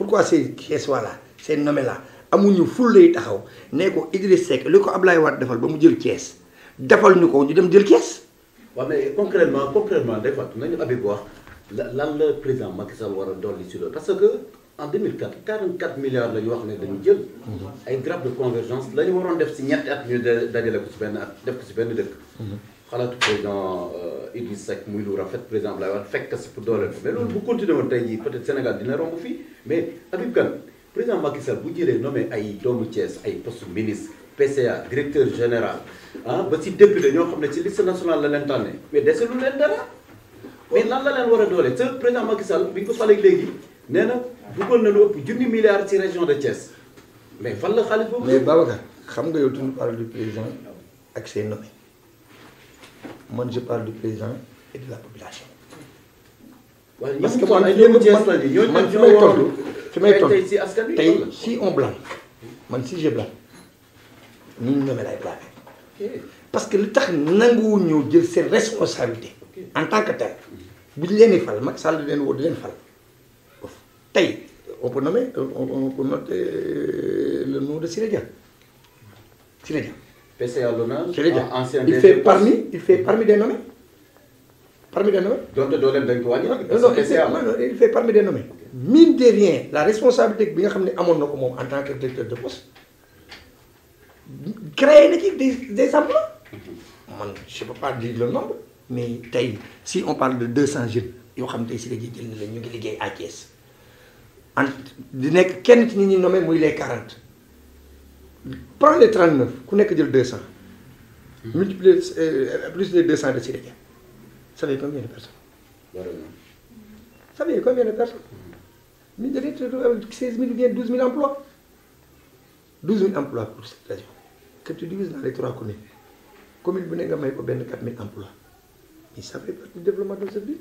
pourquoi ces Thiessois là ces nommés là amuñu fullay taxaw ne ko Idriss Seck li ko ab Ablaye Wade defal ba mu jël Thiès defal ñu ko ñu dem jël Thiès. waaw mais concrètement concrètement des fois nañu Habib wax lan la président Macky Sall war a dolli ci loolu parce que en 2004 44 milliards la ñu wax ne dañu jël. Mhm. ay grappes convergence la ñu waroon def ci ñett at ñu dajale ko ci benn at def ko ci benn dëkk. Mhm. xalaatu président uh, Idriss Seck muy lu rafet président Abdoulaye Wade fekk si pour dooleel ko mais loolu bu continué woon tey jii peut-être Sénégal dina romb fii mais Habib Kane président Macky bu jëlee nommé ay doomu Thiès ay poste ministre PCA directeur général ah ba si député ñoo xam ne ci liste nationale la leen tànnee mais dese lu leen dara mais lan la leen war a doole te président Macky Sall bi ñu ko falee léegi nee na dugal na lu ëpp junni milliards ci région de Thiès mais fan la xaalis boobu. mais Babacar xam nga yow tu nous parles du man je parle du président et de la population. parce que man fi may toll fi may toll tey si on blâme man si je blâme ñu ñu ñoomee lay blâmer parce que li tax nanguwu ñëw jël seen responsabilité en tant que tel bu ñu leen di fal Macky Sall di leen woo leen fal tey on peut on peut euh, le nom de Siré Dia Siré Dia PCA Lona. ancien il fait parmi il fait parmi des nommés. parmi des nommés. donte dooleem dañ ko wàññi. non non il fait parmi des nommés. mine de la responsabilité bi nga xam ne amoon na ko moom en tant que directeur de poste créé na ci des des emplois. man je pa pas dire le nombre. mais tey si on parle de deux cent jeunes yoo xam tey si la jël na la ñu ngi liggéey à Thiès en di nekk kenn ci ñi ñuy nommé muy les quarante. prends les 39 ku nekk jël 200. Hmm. multiplier euh, plus les 200 da ciy daje. ça fait combien de personnes. ça fait combien de personnes. ñu jëlee 16 000 bien 12 000 emplois. 12 000 emplois que tu divises dans les trois communes. commune bu nekk nga may ko benn 4 000 emplois. mais ça fait partie du développement de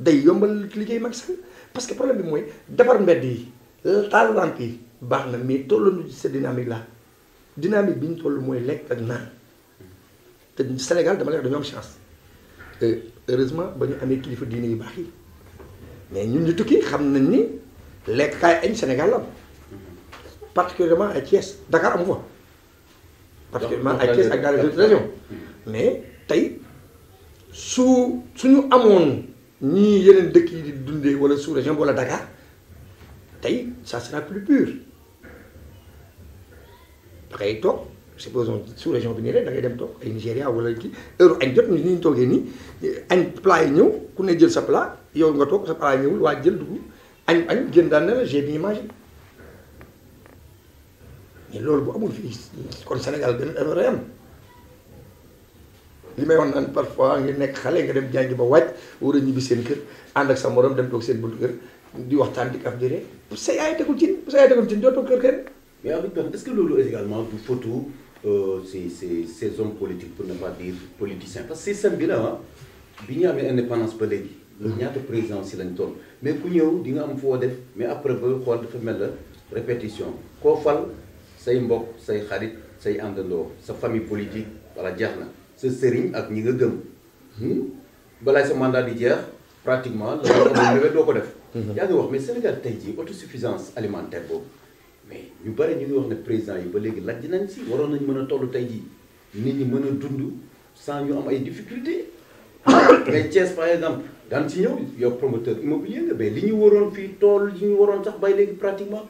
day yombal liggéey Macky Sall parce que problème bi mooy defar mbedd yi taal lamp yi. baax na mais tolluñu ci cette dynamique là dynamique bi ñu toll mooy lekk ak naan te Sénégal dama lay wax dañoo am chance euh, heureusement ba ñu amee kilifa diine yu baax yi mais ñun ñu tukki xam nañ ni lekk kaay añ Sénégal la am particulièrement à Thiès Dakar amu fa. particulièrement ak dans les mais tey su suñu amoon ñii yeneen dëkk yi di dundee wala sous région wala Dakar. tey ça sera plus pur da ngay toog supposons sous région bi nii rek da ngay dem toog ay Nigéria wala kii heure añ jot ni ñu toogee nii añ plat yi ñëw ku ne jël sa plat yow nga toog sa plat yi ñëwul waa jël dugub añ añ gën daan ne la j'ai bien mangé mais loolu bu amul fii kon Sénégal benn erreur am li may wax naan parfois nga nekk xale nga dem jàngi ba wàcc war a ñibbi seen kër ànd ak sa morom dem toog seen buntu kër. di waxtaan di kaf di rek sa yaay tegul cin sa yaay tegul cin doo toog kër kenn. mais avec toi est-ce que loolu également du photo euh, ces pour ne pas dire politiciens parce que système bi la ah bi ñu amee indépendance ba léegi. ñaata président si lañ toll. mais ku ñëw di nga am foo def mais après ba xool dafa mel la répétition koo fal say mbokk say xarit say àndandoo sa famille politique wala jeex na sa sëriñ ak ñi nga gëm hmm? balaa sa mandat di jeex. pratiquement la ñëwee doo ko def yaa ngi wax mais Sénégal tey jii autosuffisance alimentaire boobu mais ñu bëri ñu ngi wax ne président yi ba léegi lajj nañ si waroon nañ mën a toll tey jii nit ñi mën a dund sans ñu am ay difficultés mais Thiès par exemple daan si ñëw yow promoteur immobilier nga mais li ñu waroon fii tool yi ñu waroon sax bay léegi pratiquement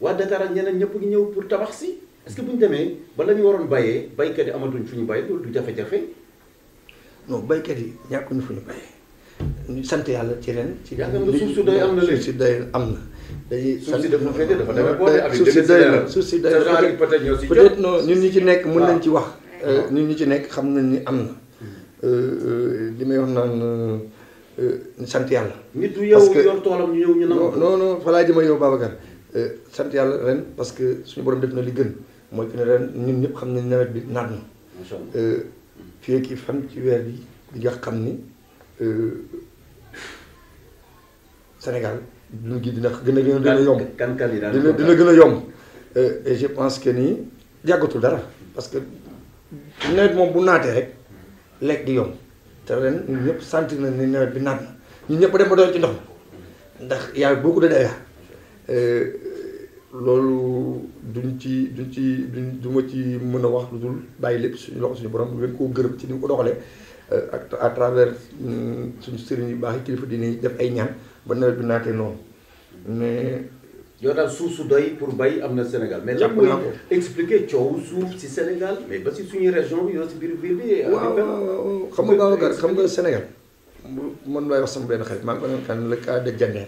waa Dakar ak ñeneen ñëpp ngi ñëw pour tabax si est-ce que bu ñu demee ba la ñu waroon bayee baykat yi amatuñ fu ñu bayee loolu du jafe-jafe non baykat yi ñàkkuñu fu ñu bayee ñu sant yàlla ci ren. ci suuf si day am na léegi suuf si day am na. dañuy sant suuf si dafa day na suuf si day na peut-être non ñun ñi ci nekk mën nañ ci wax. Euh, ñun ñi ci nekk xam nañ ni am na. Hmm. Euh, euh, li may wax naan sant yàlla. nit du yow yor toolam ñu ñëw ñu nangu. non non falaa jëma yow Babacar. sant yàlla ren parce que suñu borom def na li gën mooy que ne ren ñun ñëpp xam nañ nawet bi naat na. macha allah fii ak fan ci weer bi di nga xam ni. Euh, Sénégal dund gi dina gën a gën a yomb. kan kan dina gën a yomb. Euh, je pense que nii jàggatul dara parce que nawet moom bu naatee rek lekk di yomb te ren ñun ñëpp sentir nañ ni nawet bi naat na ñun ñëpp dem ba doon ci ndox mi ndax yaa beaucoup de dégâts loolu duñ ci duñ ci duñ du ma ci mën a wax lu dul bàyyi lépp suñu loxo suñu borom lu leen koo gërëm ci ni mu ko doxalee. Euh, à travers mm, suñu sëriñ yu baax yi kilifa diine yi def ay ñaan ba nawet bi naatee noonu mais. yoo daal suuf su doy pour mbay am na Sénégal. mais lan mooy expliquer coow suuf si Sénégal mais ba si suñu région bi yoo si biir biir bi. waaw waaw xam nga xam nga Sénégal. mu maay wax sama benn xarit maa ngi leen kan le cas de Diender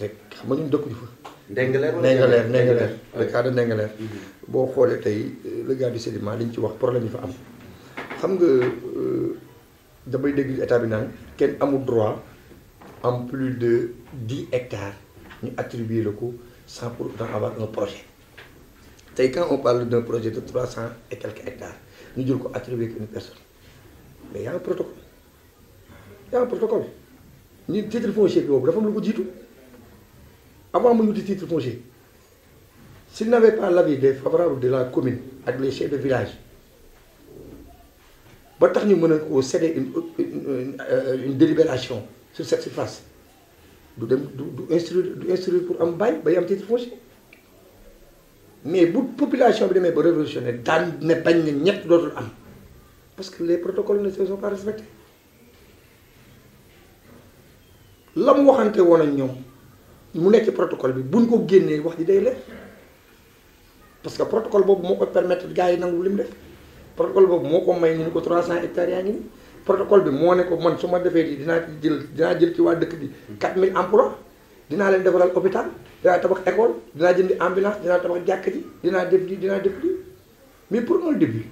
rek xam nga ñun dëkkuñu fa. Ndengaleer Ndengaleer Ndengaleer le Ndengaleer. Mm-hmm. boo xoolee tey le bi du sédiment liñ ci wax problème yi fa am. xam nga euh, damay dégg état bi naan kenn amul droit en plus de dix hectares ñu attribuer la ko sans pour autant avoir un projet tey quand on parle d'un projet de trois cent et quelques hectares ñu jël ko attribuer ko une personne mais y a un protocole y un protocole ñu titre foncier bi boobu dafa am lu ko jiitu avant mu wuti titre foncier s'il n'avait pas l'avis des favorables de la commune ak les chefs de village ba tax ñu mën a ko céder une euh, une délibération sur cette surface du dem du du instruire du instruire pour am bail bay am titre foncier mais bu population bi demee ba révolutionnaire daan ne bañ ne ñett dootul am parce que les protocoles ne sont pas respectés la mu waxante woon ak ñoom mu nekk protocole bi bu buñ ko génnee wax ji day leer parce que protocole boobu moo ko permettre gars yi nangu li mu def. protocole boobu moo ko may ñu ni ko 300 hectares yaa ngi nii protocole bi moo ne ko man su ma defee dinaa jël dinaa jël ci waa dëkk bi 4000 emplois dinaa leen defaral hôpital dinaa tabax école dinaa jëndi ambulance dinaa tabax jàkk ji dinaa def di dinaa def di mais pour le début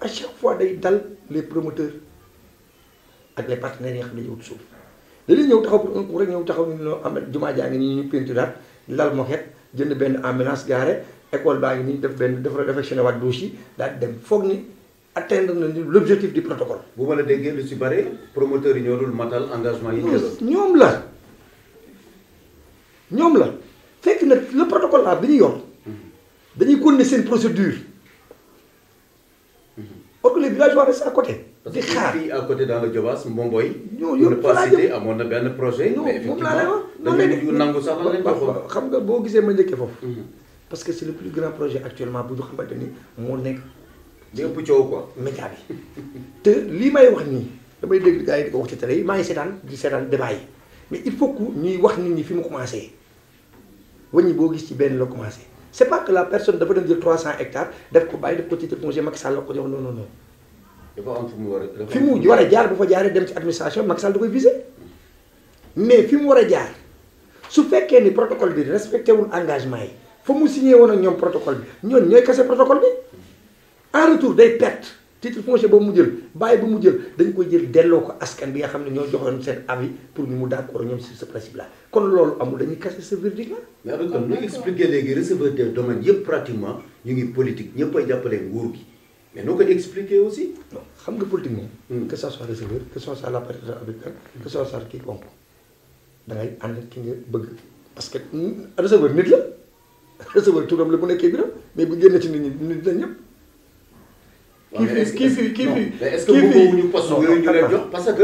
à chaque fois day dal les promoteurs ak les partenaires yi xam ne dañuy wut suuf léeg-léeg ñëw taxaw pour un coup rek ñëw taxaw ñu am jumaa jaa ngi nii ñu peinturaat lal moquette jënd benn ambulance garé ecole baa ngi nii def benn defar réfectionné waat douche yi daal di dem foog ni atteindre nañu l'objectif du protocole. bu ma la déggee lu ci bare promoteur yi ñoo dul matal engagement yi. ñoom la ñoom la fekk na le protocole là bi ñu yor dañuy continuer seen procédure or mhm. que les a restent à côté. di xaar fii à côté dans le Diobass Mbomboy. ñoo yëpp ne pas cité amoon na benn projet. mais effectivement dañu nangu sax lan lañ xam nga boo gisee ma njëkkee foofu. Mhm. parce que c'est le plus grand projet actuellement bu ñu xamante ni moo nekk. di ëpp coow quoi média bi te lii may wax nii damay dégg gars yi di ko wax ci télé yi maa ngi seetaan di seetaan de yi mais il faut que ñuy wax nit ñi fi mu commencé wëññi boo gis ci benn la commencé c' est pas que la personne dafa dem jël 300 hectares def ko bàyyi def ko titre foncier Macky Sall la ko jox non non fi mu war a. fi mu war jaar bu fa jaaree dem ci administration Macky Sall da koy visé mais fi mu war a jaar su fekkee ni protocole bi respecté wul engagement yi fa mu signé woon ak ñoom bi ñoon ñooy kase protocole bi. en retour da ngay ànd ki nga bëgg parce que receveur nit la receveur turam la bu nekkee biiram mais bu génn ci nit nit la ñëpp. kii fi kii fi kii fi est-ce que bëgguñu poste yooyu ñu leen parce que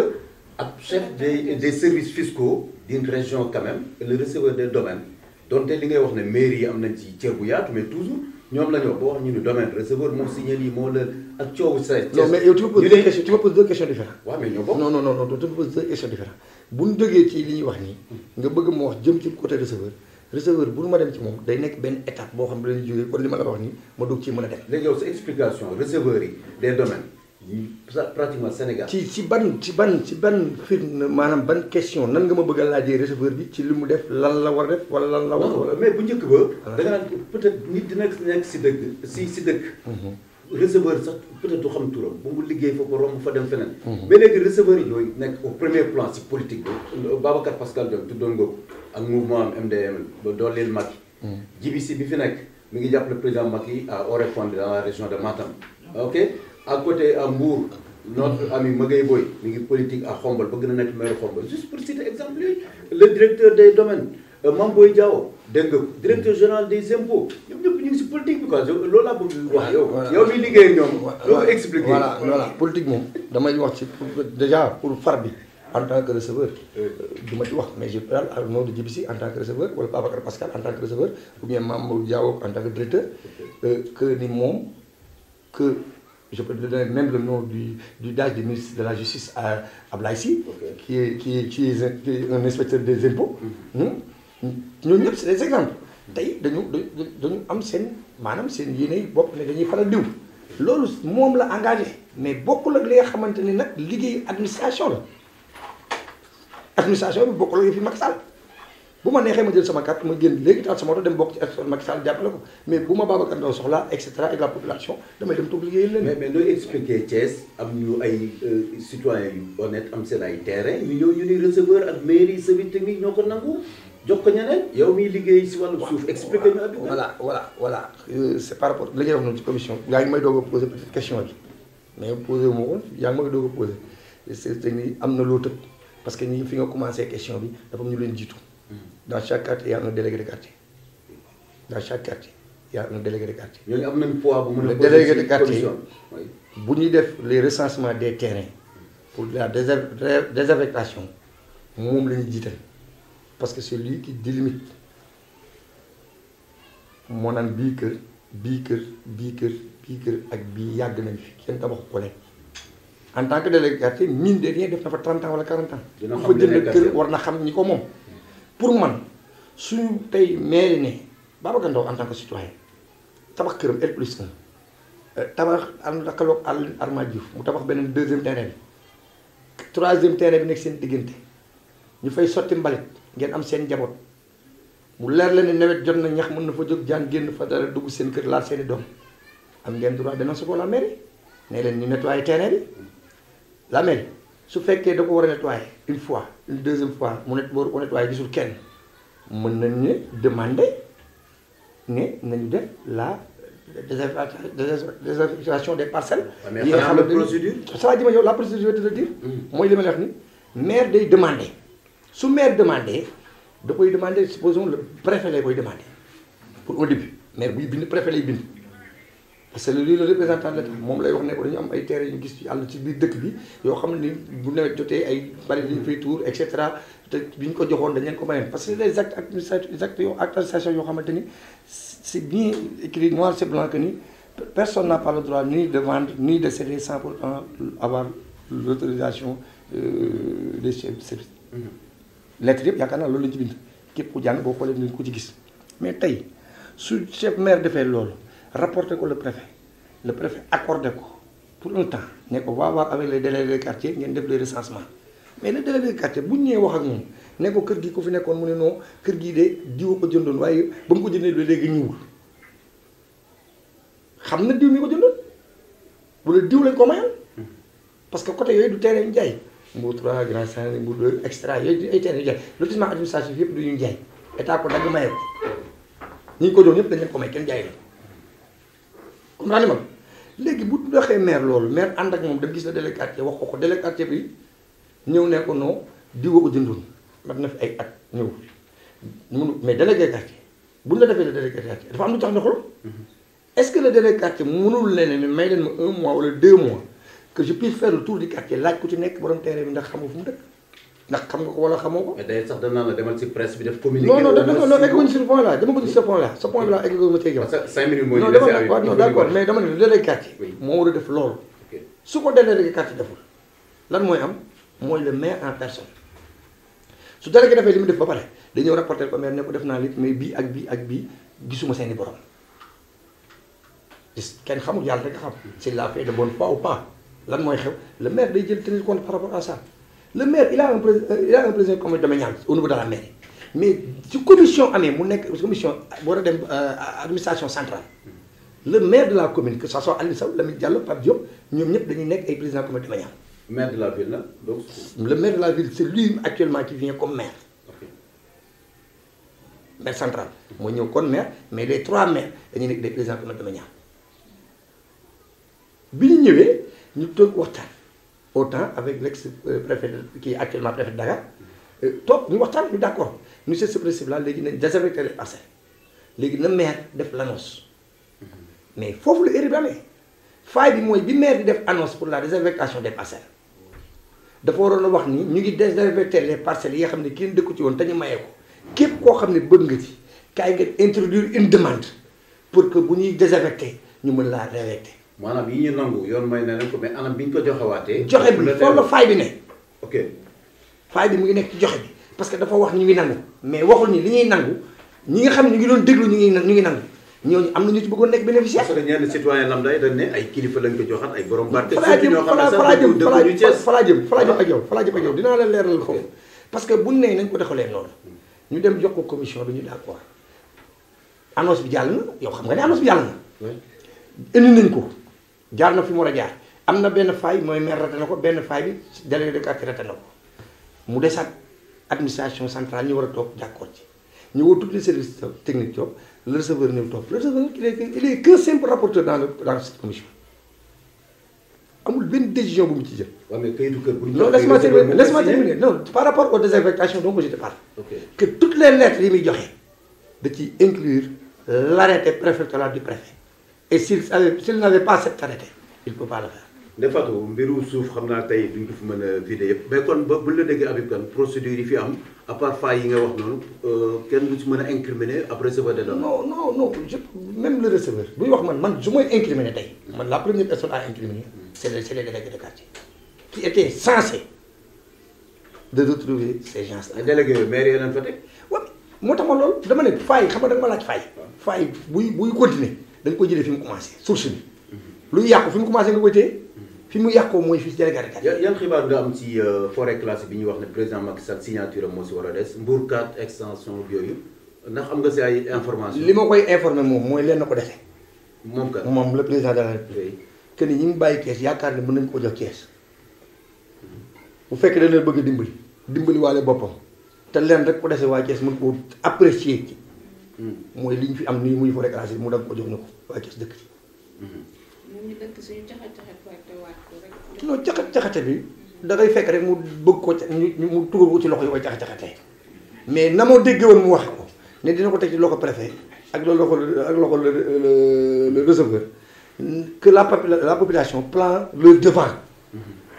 ab chef des des services fiscaux d'une région quand même le receveur des domaines donte li ngay wax ne mairie yi am nañ ci cër bu yaatu mais toujours ñoom la ñu wax boo wax ñu ni domaine receveur moom signal yi moo la ak coowu sa. non mais yow tu me poses deux questions tu me poses deux questions différentes. waaw mais ñoo bokk non non non non tu me poses deux questions différentes bu ñu jógee ci li ñuy wax nii. nga bëgg moo wax jëm ci côté receveur. receveur bu nu ma dem ci moom day nekk benn étape boo xam ne dañuy jógee kon li ma la wax nii ma dugg ci mën a dem. léegi yow sa explication receveur yi des domaines yi pratiquement Sénégal. ci ci ban ci ban ci ban firnde maanaam ban question nan nga ma bëgg a laajee receveur bi ci li mu def lan la war a def wala lan la war wala mais bu njëkk ba. Ah. da nga naan peut-être nit dina nekk si dëkk si si dëkk. Mhm. receveur sax peut-être du xam turam bu mu liggéey fa ko romb fa dem feneen. Mhm. mais léegi receveur yooyu nekk au premier plan si politique bi Babacar ak mouvement am MDM ba dooleel Macky. Hmm. jibi si bi fi nekk mi ngi jàppale président mag à Oréfondé dans la région de Matam. ok à côté à Mbour. notre hmm. ami Magay Boy mi ngi politique à Xombol ba gën a nekk maire Xombol juste pour citer exemple yooyu directeur des domaines euh, Mamboy Diaw dégg nga hmm. directeur général des impôts ñoom ñëpp ñu ngi si politique bi quoi loolu laa bëgg wax yow. yow miy liggéey ñoom. loolu expliqué voilà voilà politique moom damay wax ci pour déjà pour far bi. en tant que receveur euh, du ma ci wax mais je parle au de Djiby en tant que receveur wala Babacar Pascal en tant que receveur ou bien Mamadou Diaw en tant que directeur euh, que ni moom que je peux donner même le nom du du DAGE du ministre de la justice à Ablaye Sy qui est qui est qui est un inspecteur des impôts mm-hmm. ñooñu ñëpp c'est des exemples tey dañu dañu am seen maanaam seen yéene bopp ne dañuy faral diw loolu moom la engagé mais bokkul ak li nga xamante ni nag liggéeyu administration la administration bi bokkul ak fi Macky Sall bu ma neexee ma jël sama carte ma génn léegi taal sama oto dem bokk ci action Macky Sall jàppale ko mais bu ma Babacar Ndao soxla et cetera ak la population damay dem toog liggéeyal leen. mais mais nooy expliquer Thiès am ñu ay euh, citoyens yu honnête am seen ay terrain ñu ñëw ñu ni receveur ak mairie service technique ñoo ko nangu jox ko ñeneen yow miy liggéey si wàllu suuf expliquer ñu abi voilà voilà voilà euh, c'est par rapport li ngay wax noonu ci commission yaa ngi a posé peut-être question mais posé ma am na loo tëb parce que ñi fi nga commencé question bi dafa am ñu leen jiitu. Hmm. dans chaque quartier y a un délégué de quartier dans chaque quartier y a un délégué de quartier. ñooñu am nañ poids bu mën a. délégué de quartier bu ñuy def les recensements des terrain pour la désaffectation moom la ñu jiital parce que c'est lui qui délimite moo naan bii kër bii kër bii kër bii kër ak bii yàgg nañ fi kenn tabax ko en tant que délégué quartier mine de rien def na fa 30 ans wala 40 ans. dina fa jënd kër war na xam ñi ko moom. pour man suñu tey mairie ne Babacar Ndao en tant que citoyen tabax këram L plus euh, tabax am akaloog àll Arma Diouf mu tabax beneen deuxième terrain bi troisième terrain bi nekk seen diggante ñu fay sotti mbalit ngeen am seen njaboot mu leer leen ne nawet jot na ñax mën na fa jóg jaan génn fa dara dugg seen kër laal seen i doom am ngeen droit dénoncer ko la mairie ne leen ñu lamel su fekkee da ko war a nettoyer une fois une deuxième fois mu net war ko nettoyer gisul kenn mën nañ ne demander nañu def la désinfection des parcelles. Ah, yi nga xam ne procédure. ça dit ma yow la procédure je vais te le dire. Mm. mooy li ma wax ni maire day demander su maire demande da koy demander supposons le préfet lay koy demander pour au début maire buy bind préfet lay bind. parce que lui le représentant de l'État moom lay wax ne ko dañu am ay terrain ñu gis ci àll ci biir dëkk bi yoo xam ne bu nawet jotee ay bari dañu fay tuur et cetera te bi ñu ko joxoon dañ leen ko mayoon parce que les actes administratifs actes yoo administration yoo xamante ni c'est bien noir c'est blanc que ni personne n'a pas le droit ni de vendre ni de céder sans pour autant avoir l'autorisation euh, des chefs de service mm-hmm. lettre yëpp yaakaar naa loolu lañu ci képp ku jàng boo xoolee dinañ ko ci gis mais tey su chef maire defee loolu rapporté ko le préfet le préfet accordé ko pour un temps ne ko va voir avec les délégués de quartier ngeen def les recensements mais le délégué de quartier bu ñu ñëwee wax ak moom ne ko kër gi ko fi nekkoon mu ne noo kër gii de diw ko jëndoon waaye ba mu ko jëndee ba léegi ñëwul xam na diw mi ko jëndoon ko mayal parce que côté yooyu du terrain ñu jaay Mbour 3 Grand Saint Mbour 2 extra yooyu du ay terrain yëpp du ñu jaay état ko dagg maye ko ñu ko jox yëpp dañ leen ko may kenn jaay comprendre ma léegi bu doxee meer loolu maire ànd ak moom dem gis la délégué quartier wax ko ko délégué quartier bi ñëw ne ko non di woo ko jëndoon mat na fi ay at ñëw mënu mais délégué quartier bu ñu la defee le délégué quartier dafa am lu tax ne xool mhm. est-ce que quartier mënul leen ne may leen ma un mois wala deux mois que je puisse faire tour du quartier laaj ku ci nekk borom terrain bi ndax xamul fu mu dëkk ndax xam nga ko wala xamoo ko. mais day sax dañ naan la demal ci presse bi def. communiqué non non non non egguñu si point là dama ko si point là sa point là egg ma cee parce que cinq minutes moo ñu dese awi non d'accord mais dama ne délégué quartier. moo war a def loolu. su ko délégué quartier deful lan mooy am mooy le maire en personne su délégué defee li mu def ba pare dañu ñëw rapporter ko maire ne ko def naa lépp mais bii ak bii ak bii gisuma seeni borom gis kenn xamul yàlla rek xam. c'est la fait de bonne foi ou pas lan mooy xew le maire day jël tenir compte par rapport à ça. le maire il a un président euh, il a un président de la mairie mais ci commission amee mu nekk commission boo dem euh, administration centrale le maire de la commune que ça soit Aliou Sow Lamine Diallo Pape Diop ñoom ñëpp dañuy nekk ay président comme domanial. maire de la ville là le maire de la ville c'est lui actuellement qui vient comme maire. maire central moo ñëw kon maire mais les trois maires dañuy nekk des présidents comme domanial bi ñu ñëwee ñu toog autant avec l'ex préfet qui est actuellement préfet de Dakar euh, toog ñu waxtaan ñu d' accord ñu seet ce principe là léegi nañ désinfecté les parcelles léegi na maire def l' annonce mais foofu la erreur bi amee faille bi mooy bi maire di def annonce pour la désinfectation des parcelles dafa waroon la wax ni ñu ngi désinfecté les parcelle yi nga xam ne kenn dëkku ci woon te ñu maye ko képp koo xam ne bëgg nga ci kay nga introduire une demande pour que bu ñuy désinfecté ñu mën laa réinfecté maanaam yi ñu nangu yoon may ne ko mais anam bi ñu ko joxewaatee. joxe bi foofu la faay bi ne. faay bi mu ngi nekk ci joxe bi parce que dafa wax ñu ngi nangu mais waxul ni li ñuy nangu ñi nga xam ne ñu ngi doon déglu ñu ngi ñu ngi nangu ñooñu am na ñu ci bëggoon nekk bénéficiaire. parce que ñenn ne ay kilifa lañ ko joxaat ay borom barke. fa laa jëm fa laa jëm fa laa jëm fa laa jëm ak yow fa laa jëm ko parce que buñ ne nañ ko defalee noonu ñu dem jox ko bi ñu d'accord annonce bi jàll na yow xam nga ne annonce bi jàll na indi nañ ko jaar na fi mu war a jaar am na benn faay mooy maire raté na ko benn faay bi délégué de quartier raté na ko mu desaat administration centrale ñu war a toog d'accord ci ñu woo toutes les services techniques toog le receveur ñëw toog le receveur il est il simple rapporteur dans le dans commission amul benn décision bu mu ci jël. waaw mais kayitu kër bu ñu. non laisse-moi terminer laisse-moi terminer non par rapport aux désinfectations dont je te parle. que toutes les lettres yi muy joxe da ciy inclure l'arrêté préfectoral et s'il s'il n'avait pas cette arrêté il ne peut pas le faire. ne Fatou mbiru suuf xam naa tey duñ du fi mën a vidé yëpp mais kon ba buñ la déggee Habib yi fi am à part failles yi nga wax noonu euh, kenn du ci mën a incriminer ab receveur de données. non non non je le receveur buy wax man man su may incriminer tey man la première personne à incriminer c' est le c' est les de quartier qui étaient censés de retrouver ces gens là. délégué yooyu maire yi fa teg. waaw moo tax ma loolu dama ne failles xam dañ ko jëlee fi mu commencé source bi luy yàqu fi mu commencé nga koy téye fi mu yàqoo mooy fii si délégal yan yan xibaar nga am ci euh, forêt classée bi ñu wax ne président Macky Sall signature am moo si war a des Mbour 4 extension yooyu ndax am nga si ay information li ma koy informé moom mooy leen na ko dese moom kat moom le président de la République ni ñi ngi bàyyi kees yaakaar ne mën nañ koo jox kees bu fekkee dañ leen bëgg dimbali dimbali waale boppam te leen rek ko dese waa kees mën koo apprécier ci mooy li ñu fi am nii muy forêt classée mu dagg ko jox ñu ko waaye kees dëkk ci. ñu dëkk suñu bi da fekk rek mu bëgg ko ca ñu mu tugal ko ci loxo yi koy caxat caxatee mais na moo déggee woon mu wax ko ne dina ko teg ci loo ko ak loxo ak loxo le le receveur que la la population prend le devant.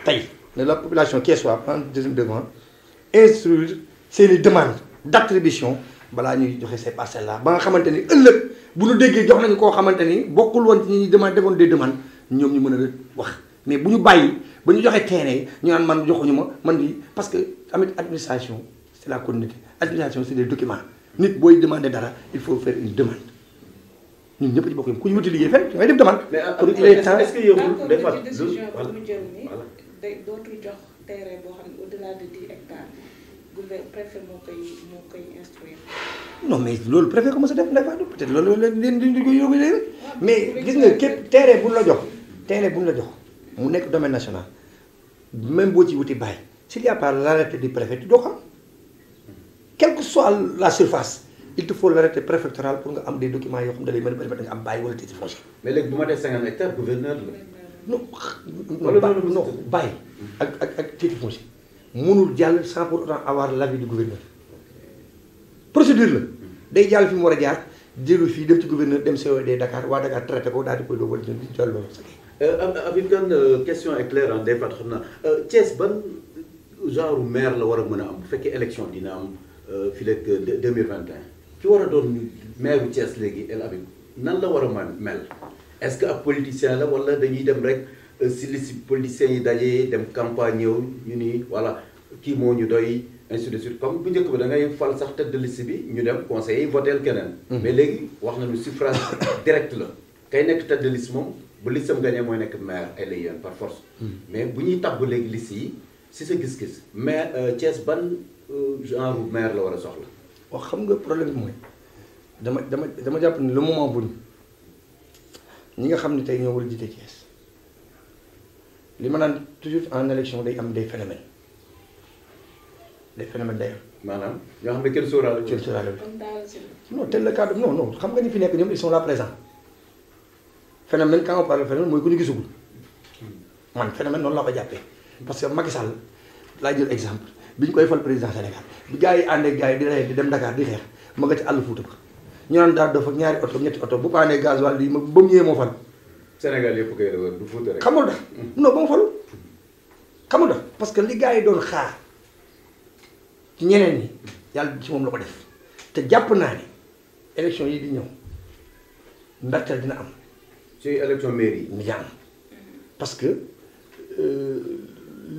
tey ne la population kees waa prend deuxième devant instruire seen i demandes d' balaa ñuy joxe ces parcelles là ba nga xamante ni ëllëg bu ñu déggee jox nañu koo xamante ni bokkul woon ci ñu demande defoon des demandes ñoom ñu mën a wax mais bu ñu bàyyi ba ñu joxe terrain yi ñu naan man joxuñu ma man bi parce que amit administration c'est la communauté administration c'est des documents nit booy demande dara il faut faire une demande ñun ñëpp ci bokk ku ñu wuti liggéey fenn da ngay def demande. pour il est temps ñu jël nii dootul jox terrain boo xam ne préfet moo koy moo koy instruire. non mais loolu préfet ko mos a def Ndeye Fatou peut-être loolu la leen di ko yóbbu léegi mais gis nga képp terrain bu ñu la jox terrain bu ñu la jox mu nekk domaine national même boo ci wuti bàyyi s'il y a pas l'arrêté du préfet doo ko am quelle que soit la surface il te faut l'arrêté préfectoral pour nga am des documents yoo xam ne da lay mën a permettre nga am bàyyi wala titre foncier. mais léegi bu ma def 50 hectares gouverneur la. non non bàyyi ak ak ak titre foncier. mënul jàll sans pour autant avoir l'avis du gouverneur procédure la day jàll fi mu war a jaar jëlu fii dem ci gouverneur dem COD e Dakar waa Dakar traité ko daal di koy doobal ñun di jàll loolu euh, Habib Kane euh, question est claire en départ xam naa Thiès ban genre maire la war a mën a am bu fekkee élection dina am euh, fii rek 2021 ci war a doon maire bu Thiès léegi El Habib nan la war a mën mel est-ce que ab politicien la wala dañuy dem rek Euh, si li si politiciens yi dajee dem campagne ñëw ñu ni voilà kii moo ñu doy ainsi de suite comme bu njëkk bi da ngay fal sax tête de liste bi ñu dem conseil yi votel keneen. mais léegi wax nañu suffrage direct la. kay nekk tête de moom bu listam gagné mooy nekk maire ay yoon par force. mais bu ñuy tabb léegi liste yi si sa gis-gis. maire euh, Thiès ban euh, genre maire la war a soxla. waaw xam nga problème bi mooy dama dama dama jàpp ne le moment bu ñi nga xam ne tey ñoo war li ma naan toujours en élection day am de phénomènes des phénomènes day am. maanaam yoo xam ne kenn sóoraale wu. kenn sóoraale wu non tel le cadre non non xam nga ni fi nekk ñoom ils sont là présents phénomène quand on parle phénomène mooy ku ñu gisagul man phénomène noonu laa ko jàppee parce que Macky Sall laa jël exemple bi ñu koy fal président Sénégal bi gars yi ànd ak gars yi di rey di dem Dakar di xeex ma nga ci àll Fuuta ba ñu naan daal dafa ñaari oto ñetti oto bu paanee gasoil lii ma ba mu ñëwee moo fal. Sénégal yëpp kay la du Fuuta rek. xamul da non ba mu falu xamul da parce que li gars yi doon xaar ci ñeneen yi yàlla ci moom la ko def te jàpp naa ne élection yi di ñëw mbertel dina am. ci parce que euh,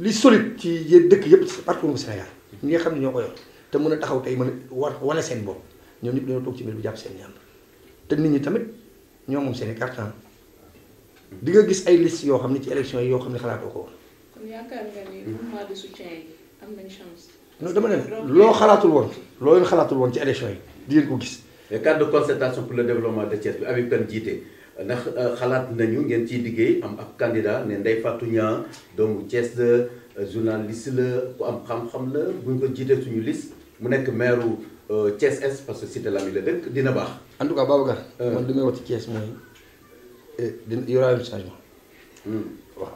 li solide ci yéen dëkk yëpp partout au Sénégal ñi nga xam ne ñoo ko yor te mën a taxaw tey mën wa war wane seen bopp ñoom ñëpp dañoo toog ci mbir bi jàpp seen ñaar te nit ñi tamit ñoo moom seen i di nga gis ay liste yoo xam ne ci élection yi yoo xam ne xalaatoo ko woon. kon yaakaar ni hmm. mouvement de soutien yi am dama ne loo xalaatul woon loo leen xalaatul woon ci élection yi di ngeen ko gis. cadre de concertation pour le développement de Thiès bi Habib Kane ndax euh, xalaat nañu ngeen ciy liggéey am ab candidat ne Ndeye Fatou Niang doomu Thiès la euh, journaliste am xam-xam la bu ñu ko jiitee suñu liste mu nekk maire euh, Thiès Est parce que cité Lamy la dëkk dina baax. en tout cas Babacar. man li may wax ci Thiès mooy. Eh, dina y aura un changement. Hmm, waaw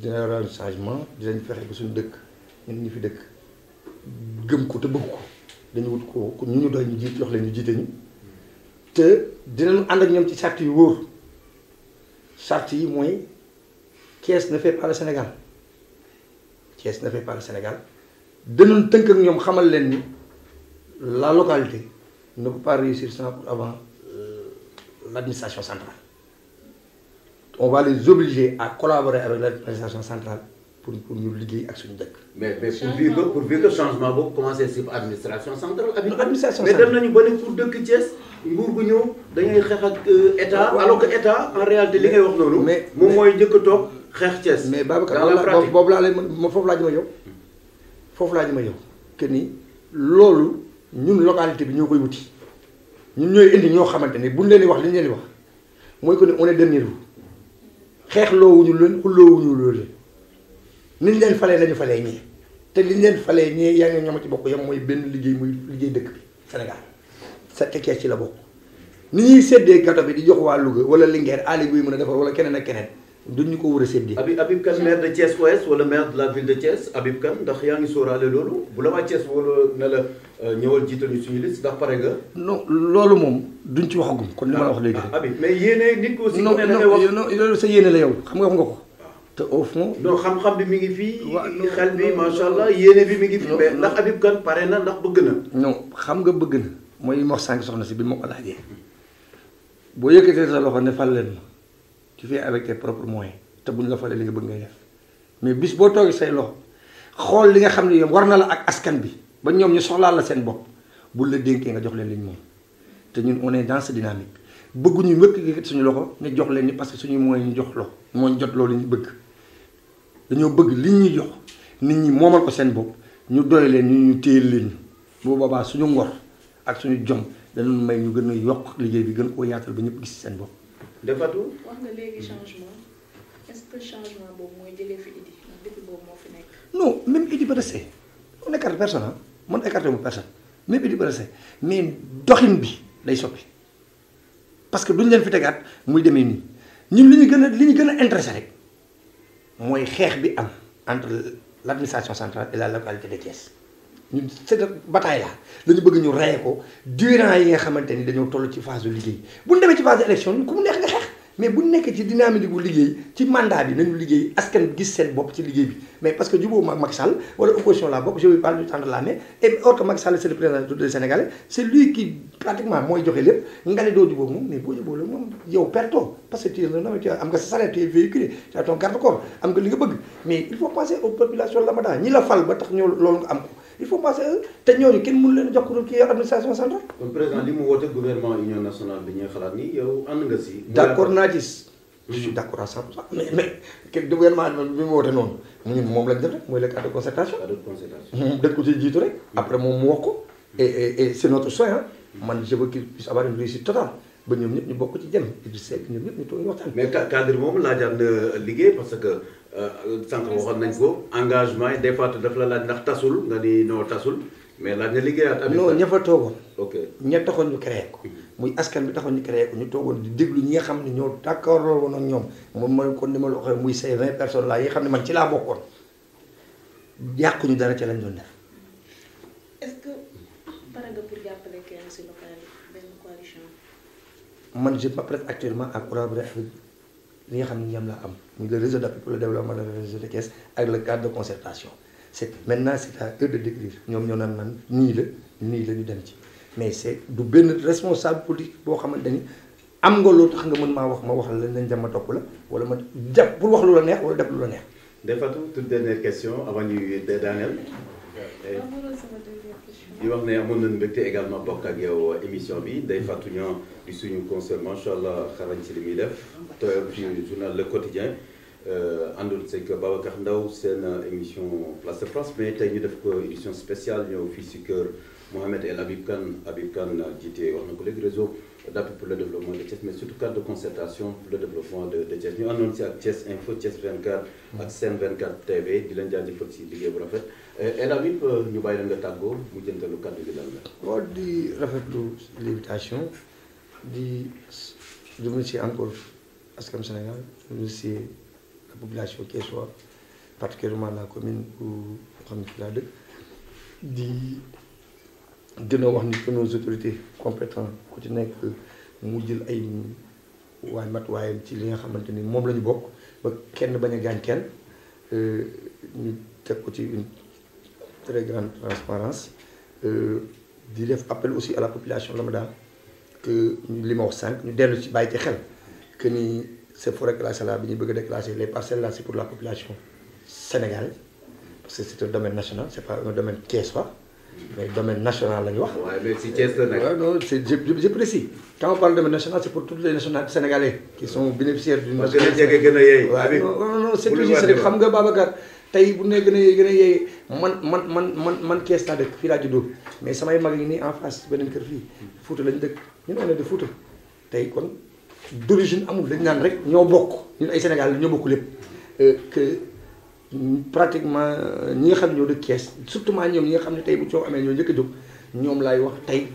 dina y aura un fexe ba suñu dëkk ñu fi dëkk gëm ko te bëgg ko dañu wut ko ñu ñu doy ñu jiit jox ñu jiite ñu. te dinañ ànd ak ñoom ci charte yu wóor charte yi mooy Thiès ne fait pas Sénégal kees ne fait pas Sénégal dinañ tënk ak ñoom xamal leen ni la localité ne peut pas réussir san avant euh, l'administration centrale. on va les obliger à collaborer avec l'administration centrale pour pour ñu liggéey ak suñu dëkk. mais mais pour ah vivre pour changement boobu commencé si administration centrale. administration centrale mais dem nañu ba ne pour dëkk Thiès nguur gu ñëw dañuy xeex ak euh, état. alors que état en réalité li ngay wax loolu mais moom mooy njëkk a toog xeex Thiès. mais Babacar boobu laa leen ma foofu laa ñu ma yow foofu laa ñu ma yow que ni loolu ñun localité bi ñoo koy wuti ñun ñooy indi ñoo xamante ne buñ leen di wax li ñu leen wax mooy que ni on est xeex xeexloowuñu leen xulloowuñu loolu niñ leen falee lañu falee ñii te liñ leen falee ñii yaa ngi ñoom ci bokk yam mooy benn liggéey muy liggéey dëkk bi Sénégal sa tekkee ci la bokk ni ñuy séddee gato bi di jox waa Louga wala Linguère aali buy mën a defar wala keneen ak keneen duñu ko war a séddee. Habib Habib Kane de Thiès Ouest wala maire de la ville de Thiès Habib ndax yaa ngi sóoraale loolu bu la waa Thiès wala ne Euh, ñëwal jiital ñu suñu liste ndax pare nga. loolu moom duñ ci waxagum. kon li ma la wax a ah, ah, ah mais yéene nit ko aussi. non non loolu sa yéene la yow xam nga xam nga ko. te au fond. bi mi ngi fii. xel bi macha allah yéene bi mi ngi fii. mais ndax na ndax bëgg na. non xam nga bëgg na mooy wax sànq soxna si bi ma ko laajee boo yëkkatee sa loxo ne fal leen ma tu fais avec tes propres te buñ la falee li nga bëgg mais bis boo toogee say loxo xool li nga xam ne yow war na la ak askan bi ba ñoom ñu soxlaal la seen bopp bu la dénkee nga jox leen liñ moom te ñun on est dans cette dynamique bëgguñu wëkk suñu loxo ñu jox leen ni parce que suñu moyen ñu jox loxo moo ñu jot loolu ñu bëgg dañoo bëgg liñ ñu jox nit ñi moomal ko seen bopp ñu doy leen ñu ñu téye leen bu boobaa suñu ngor ak suñu jom dañu may ñu gën a yokk liggéey bi gën koo yaatal ba ñëpp gis seen bopp. defatu wax nga léegi changement est-ce que changement boobu mooy jëlee fi Idy ndax depuis boobu moo fi nekk. non même Idy ba dese on est quatre personnes man écarté bu personne mais bi di ko resté mais doxin bi day soppi parce que duñ leen fi tegaat muy demee nii ñu li ñu gën a li ñu gën a intéressé rek mooy xeex bi am entre l' administration centrale et la localité de Thiès ñun cette bataille là la bëgg ñu reye ko durant yi nga xamante ni dañoo toll ci phase de liggéey bu ñu demee ci phase d'élection ku mu neex nga xeex. mais bu nekkee ci dynamique gu liggéey ci mandat bi nañu liggéey askan gis seen bopp ci liggéey bi mais parce que jubóo ma Macky Sall wala opposition laa bokk je vais pas mooy joxe lépp nga ne doo jubóo moom mais boo jubóo la moom yow perto parce que tu es un homme am nga sa salaire tu es véhiculé tu as ton garde am nga li nga bëgg mais il faut penser aux populations ñi la fal ba tax ñoo loolu nga am ko il faut que te ñooñu kenn mënu leen jox kuréel kii administration centrale. kon président li mu woote gouvernement union nationale bi ñuy xalaat ni yow ànd nga si. d' accord naa gis. Hmm. je suis mais mais kenn gouvernement bi mu woote noonu ñun moom lañ def rek mooy le cadre de concertation. cadre hmm, ko ci jiitu rek. Hmm. après moom mu wax ko. et et et man je veux qu' il puisse avoir ba ñoom ñëpp ñu bokk ci jëm Idrissa Seck ñoom mais cadre boobu liggéey parce que. Euh, sànq waxoon nañ ko engagement yi des fois daf la laaj ndax tasul nga ni noo tasul mais laaj na liggéeyaat ak non ña fa toogoon ok taxoon ñu créé ko muy askan bi taxoon ñu créé ñu toogoon di déglu ñi nga xam ne ñoo d'accord woon ak ñoom moom mooy kon ni muy say vingt personnes laa yi xam ne man ci laa bokkoon yàquñu dara ci lañ doon def est-ce que pare nga pour jàppale kenn actuellement à collaborer li nga xam ne ñoom laa am muy le réseau d'appui pour le développement la région de Thiès ak le cadre de concertation c'est maintenant c'est à eux de décrire ñoom ñoo naan naan nii la nii la ñu dem ci mais c'est du benn responsable politique boo xamante ni am nga loo tax nga mën maa wax ma wax la lañ dem ma topp la wala ma jàpp pour wax lu la neex wala def lu la neex. Ndeye Fatou toute question avant ñuy daaneel. di wax ne amoon nañu mbégte également bokk ak yow émission bi day fàttu ñoo di suñu conseil macha allah xarañ li muy def te ci journal Le Quotidien euh, àndoon seeg Babacar Ndaw seen émission Place de France mais tey ñu def ko édition spéciale ñëw fii si kër Mohamed El Habib Kane Habib Kane jiite wax na ko léegi réseau. d'appui pour le développement de Thiès, mais surtout cadre de concertation pour le développement de de ñu àndoon ak Thiès Info Thiès ak Sen TV di leen jaajëfal si liggéey bu rafet. Eh, El Habib ñu bàyyi la di rafetlu l'invitation di Sénégal di la population thiessoise particulièrement la commune bu xam dëkk di. dina wax ni que nos autorités compétentes ku ci nekk mu jël ay waay matuwaayam ci li nga xamante ni moom lañu bokk ba kenn bañ a gaañ kenn euh, ñu teg ko ci une très grande transparence euh, di def appel aussi à la population lambda que li ma wax sànq ñu dellu ci bàyyi ci xel que ni ces forêts classées là bi ñu bëgg a déclasser les parcelles là c'est pour la population sénégalaise parce que c'est un domaine national c'est pas un domaine thiessois mais domaine national la wax. waaw mais si Thiès la nag. waaw non c' est je je précise. domaine national c' pour toutes les man man man man man Thiès dëkk fii laa juddoo mais samay mag yi nii en face beneen kër fii Fouta lañ dëkk ñun on de Fouta tey kon d' origine amul dañ naan rek ñoo bokk ñun ay Sénégal ñoo bokk lépp euh, pratiquement euh, ñi nga xam ne ñoo dëkk Thiès surtout ñoom ñi nga xam ne tey bu coow amee ñoo njëkk a jóg ñoom laay wax tey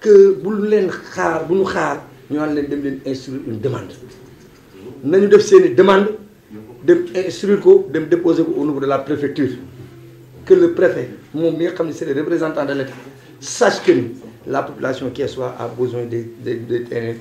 que bu leen xaar bu ñu xaar ñu naan leen dem leen instruire une demande nañu def seen i demande dem instruire ko dem déposer ko au niveau de la préfecture que le préfet moom mi nga xam ne c'est représentant de l'État sache que la population thiessoise a besoin de des des terrains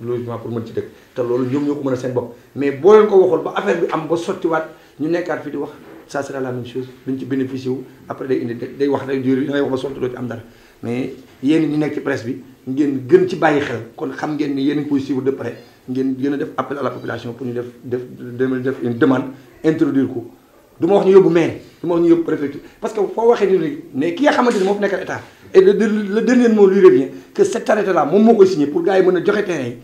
pour mën ci dëkk te loolu ñoom ñoo ko mën a seen bopp mais boo leen ko waxoon ba affaire bi am ba sottiwaat. ñu nekkaat fi di wax sa sera la même chose duñ ci bénéficier wu après day indi day wax rek jur da ngay wax ba sontu doo ci am dara mais yéen ñi nekk ci presse bi ngeen gën ci bàyyi xel kon xam ngeen ni yéen a ngi koy suivre de près ngeen a def appel à la population pour ñu def def def une demande introduire ko du ma wax ñu yóbbu maire du wax ñu yóbbu préfecture parce que foo waxee ni léegi ne ki nga xamante ni moom moo koy signé pour gars yi mën a joxe terrain yi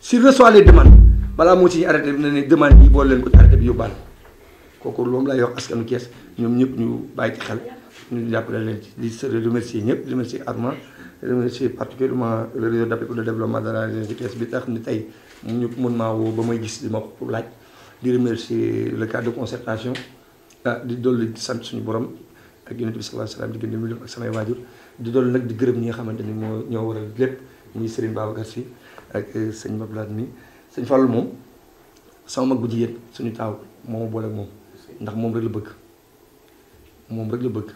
si reçoit leen ko ci arrêté bi kooku moom lay wax askanu Thiès ñoom ñëpp ñu bàyyi ci xel ñu jàppale leen ci di remercier ñëpp di remercier Armand remercier particulièrement le réseau d'appui pour le développement de la région de Thiès bi tax ni tey ñu mën maa woo ba may gis di ma ko laaj di remercier le cadre de concertation ah di dolli di sant suñu borom ak yonent bi sallallahu alayhi wasallam di gën di mu ak samay waajur di dolli nag di gërëm ñi nga xamante ni moo ñoo waral lépp muy Serigne Babacar Sy ak euh, sëñ Mablaat mi sëñ Fallou moom sama mag bu jigéen suñu taaw moo boole moom ndax moom rek la bëgg moom rek la bëgg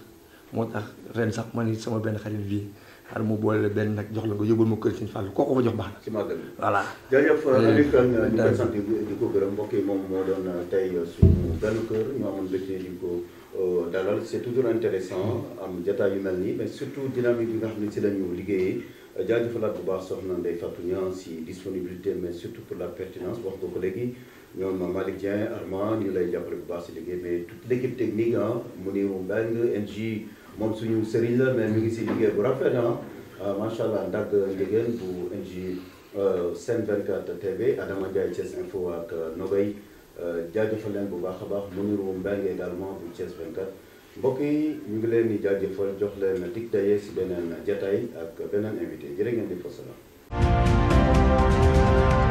moo tax ren sax man it sama benn xarit bii xar mu boole la benn nag jox la nga yóbbul ma kër Sëñ Fall kooku fa jox baax ci màggal bi voilà. jërëjëf eh, Aliou ñu ngi koy ko gërëm mbokk yi moom moo doon tey suñu benn kër ñu amoon bëccëg di ko. Euh, dalal c'est toujours intéressant am jataay mel nii mais surtout dynamique bi nga xam ne si la ñu liggéeyee jaajëfalaat bu baax soxna Ndeye Fatou Niang si disponibilité mais surtout pour la pertinence wax nga ko léegi ñoom Malick Dieng Armand ñu lay jàppale bu baax si liggéey mais toute l' équipe technique ah mu ni Mbengue NG moom suñu sëriñ la mais mi ngi si liggéey bu rafet ah macha allah ndag njegéen bu NG euh, Sen 24 TV Adama Ndiaye Thiès Info ak euh, Nogay euh, jaajëfal leen bu baax a baax Mounirou Mbengue également bu Thiès 24 mbokk yi ñu ngi leen di jaajëfal jox leen dig daye si beneen jataay ak beneen invité jërë ngeen di fa salaam